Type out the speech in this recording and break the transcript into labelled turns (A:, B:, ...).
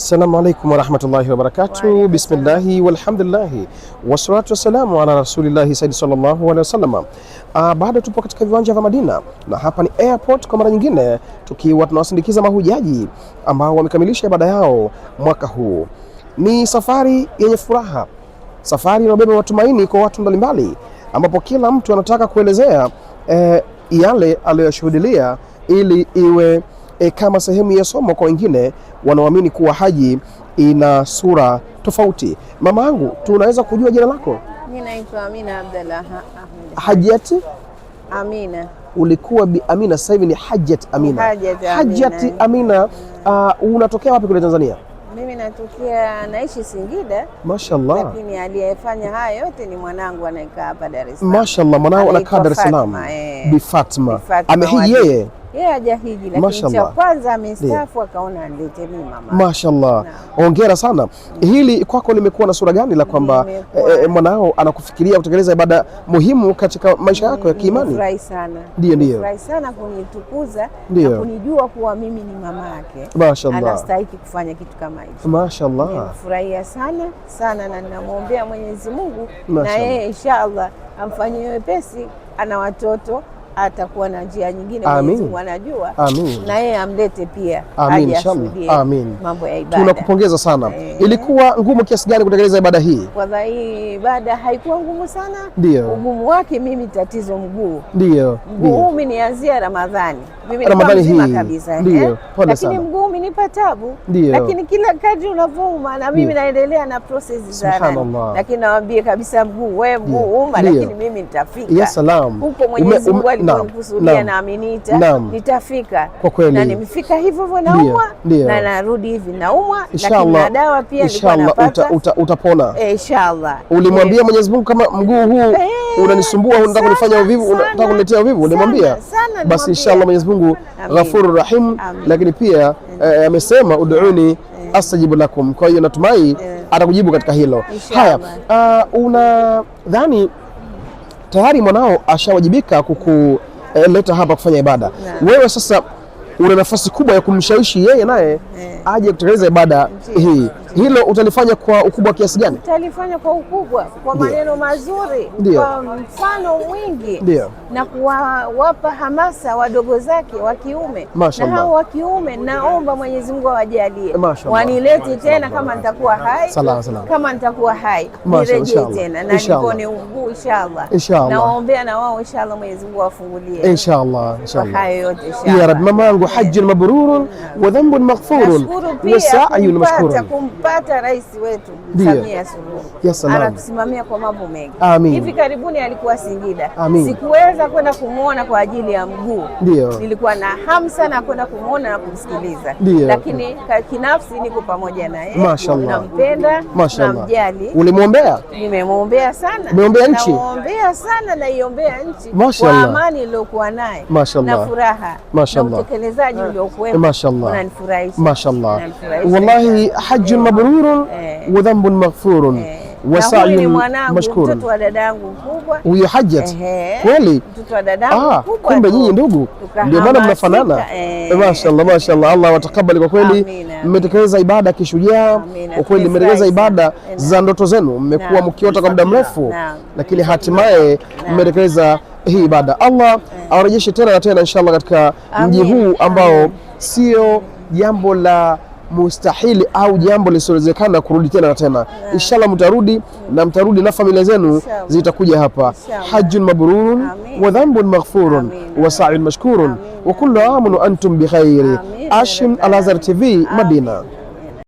A: Assalamu alaikum warahmatullahi wabarakatu Bismillahi walhamdulillahi wassalatu wassalamu ala rasulillahi saidi sallallahu alaihi wasallam. Ah, bado tupo katika viwanja vya Madina na hapa ni airport kwa mara nyingine, tukiwa tunawasindikiza mahujaji ambao wamekamilisha ibada yao mwaka huu. Ni safari yenye furaha, safari inayobeba matumaini kwa watu mbalimbali, ambapo kila mtu anataka kuelezea eh, yale aliyoyashuhudilia ili iwe e, kama sehemu ya somo kwa wengine wanaoamini kuwa haji ina sura tofauti. Mama yangu, tunaweza kujua jina lako?
B: Mimi naitwa Amina Abdallah Ahmed. Hajati Amina.
A: Ulikuwa Bi Amina, sasa hivi ni Hajat Amina. Hajati Amina. Amina. Uh, unatokea wapi kule Tanzania?
B: Mimi natokea naishi Singida. Mashaallah. Lakini aliyefanya haya yote ni mwanangu anayekaa hapa Dar es
A: Salaam. Mashaallah, mwanao anakaa Dar es Salaam. Eh. Bi Fatma. Amehiji yeye?
B: yeye hajahiji, lakini cha kwanza amestaafu akaona nilete mimi mama.
A: Mashallah, ongera sana. Hili kwako limekuwa na sura gani la kwamba e, mwanao anakufikiria kutekeleza ibada muhimu katika maisha yako ya kiimani?
B: Furahi sana, ndio ndio, furahi sana kunitukuza na kunijua kuwa mimi ni mama yake. Mashallah, anastahili kufanya kitu kama hicho.
A: Mashallah,
B: nimefurahia sana sana na ninamwombea Mwenyezi Mungu na yeye inshallah amfanyie wepesi, ana watoto atakuwa na njia nyingine, Amin. anajua Amin. na yeye amlete pia aje Amin.
A: mambo ya ibada. Tunakupongeza sana e. Ilikuwa ngumu kiasi gani kutekeleza ibada hii?
B: Kwanza hii ibada haikuwa ngumu sana, ndio ugumu wake mimi tatizo mguu, ndio mguu mimi nianzia Ramadhani mimi Ramadhani hii kabisa, eh. ndio pole sana, lakini mguu umenipa tabu, lakini kila kadri unavuma na mimi naendelea na process za, lakini nawaambia kabisa mguu, wewe mguu uma, lakini mimi nitafika Yes, salam. huko, Mwenyezi Mungu nilikusudia nitafika kwa kweli, na nimefika hivyo hivyo, naumwa na narudi hivi naumwa,
A: lakini na dawa pia Utapona
B: eh, inshallah.
A: Ulimwambia eh. Mwenyezi Mungu kama mguu huu eh, unanisumbua, unataka kunifanya uvivu, unataka kuniletea uvivu, ulimwambia basi. Inshallah Mwenyezi Mungu Rahim, lakini pia amesema ud'uni astajibu lakum. Kwa hiyo natumai atakujibu katika hilo. Haya, ah, unadhani tayari mwanao ashawajibika kukuleta hapa kufanya ibada yeah. Wewe sasa una nafasi kubwa ya kumshawishi yeye naye yeah. aje kutekeleza ibada hii yeah hilo utalifanya kwa ukubwa kiasi gani?
B: Utalifanya kwa ukubwa, kwa maneno mazuri, Dio. kwa mfano mwingi Dio. na kuwapa hamasa wadogo zake wa kiume na hao wa kiume, naomba Mwenyezi Mungu awajalie wanilete tena kama nitakuwa hai salama, salama. kama nitakuwa hai nirejee tena na nipone uguu inshallah, naombea na wao inshallah, Mwenyezi Mungu awafungulie
A: inshallah, inshallah
B: hayo yote inshallah ya
A: Rabbi. Mama yangu hajjun mabrurun wa dhanbun maghfurun
B: wa sa'yun mashkurun Tulimpata rais wetu Samia Suluhu, yes, anatusimamia kwa mambo mengi. Hivi karibuni alikuwa Singida, sikuweza kwenda kumwona kwa ajili ya mguu, nilikuwa na hamu sana kwenda kumwona na kumsikiliza, lakini kinafsi niko pamoja Mashaallah. nampenda, namjali.
A: Ulimwombea?
B: Nimemwombea sana, umeombea nchi, naombea sana, naiombea nchi kwa amani iliyokuwa naye na furaha na utekelezaji uliokuwepo, unanifurahisha
A: wallahi. Hajjun mabrur mabrurum eh. wa dhanbun maghfurun eh. wa sa'yun mashkurun. Mtoto
B: wa dadangu mkubwa
A: huyo Hajat, kweli ah, kumbe nyinyi ndugu, ndio maana mnafanana. Eh. Mashaallah, mashaallah, Allah watakabali. Kwa kweli mmetekeleza ibada kishujaa, kwa kweli mmetekeleza ibada za ndoto zenu, mmekuwa mkiota kwa muda mrefu, lakini hatimaye mmetekeleza hii ibada. Allah awarejeshe tena na tena inshallah katika mji huu ambao sio jambo la mustahili au jambo lisilowezekana kurudi tena na tena. Inshallah mtarudi na mtarudi na familia zenu zitakuja hapa. Hajjun mabrurun wa dhanbun maghfurun wa sa'yun mashkurun wa kullu amun wa antum bikhairi. Ashim Al Azhar TV Madina.